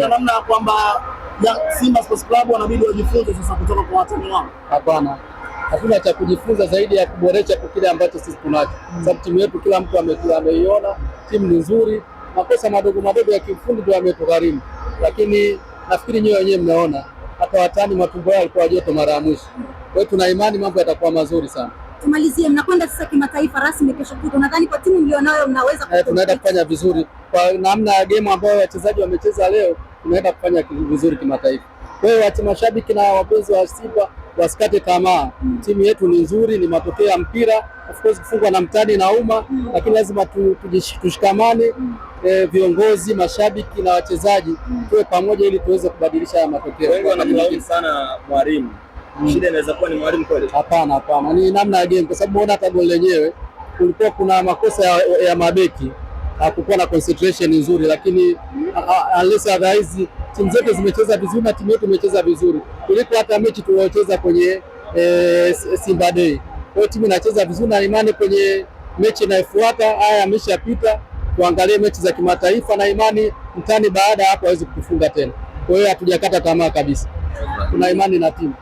na namna ya kwamba Simba Sports Club wanabidi wajifunze sasa kutoka kwa watani wao? Hapana, hakuna cha kujifunza zaidi ya kuboresha kile ambacho sisi tunacho, sababu timu yetu kila mtu ameiona, timu ni nzuri. Makosa madogo madogo ya kiufundi ndio yametugharimu, lakini nafikiri nyewe wenyewe mnaona hata watani matumbo yao yalikuwa joto mara ya mwisho. Kwa hiyo tuna imani mambo yatakuwa mazuri sana. Tumalizie, mnakwenda sasa kimataifa rasmi kesho kutwa, nadhani kwa timu mlionayo mnaweza, eh, tunaenda kufanya vizuri kwa namna ya game ambayo wachezaji wamecheza leo, tunaenda kufanya vizuri kimataifa. Kwa hiyo wati mashabiki na wapenzi wa Simba wasikate tamaa mm. Timu yetu ni nzuri, ni matokeo ya mpira. Of course kufungwa na mtani na uma mm. Lakini lazima tu, tushikamane mm. eh, viongozi, mashabiki na wachezaji mm. tuwe pamoja ili tuweze kubadilisha haya matokeo. Wengi wanamlaumu sana mwalimu mm. Shida inaweza kuwa ni mwalimu kweli? Hapana, hapana, ni namna ya game, kwa sababu unaona hata goli lenyewe kulikuwa kuna makosa ya, ya mabeki hakukuwa na concentration nzuri, lakini unless otherwise timu zetu zimecheza vizuri na timu yetu imecheza vizuri kuliko hata mechi tuliocheza kwenye e, Simba Day. Kwa timu inacheza vizuri na imani kwenye mechi inayofuata, haya ameshapita tuangalie mechi za kimataifa na imani mtani baada ya hapo hawezi kutufunga tena. Kwa hiyo hatujakata tamaa kabisa, tuna imani na timu.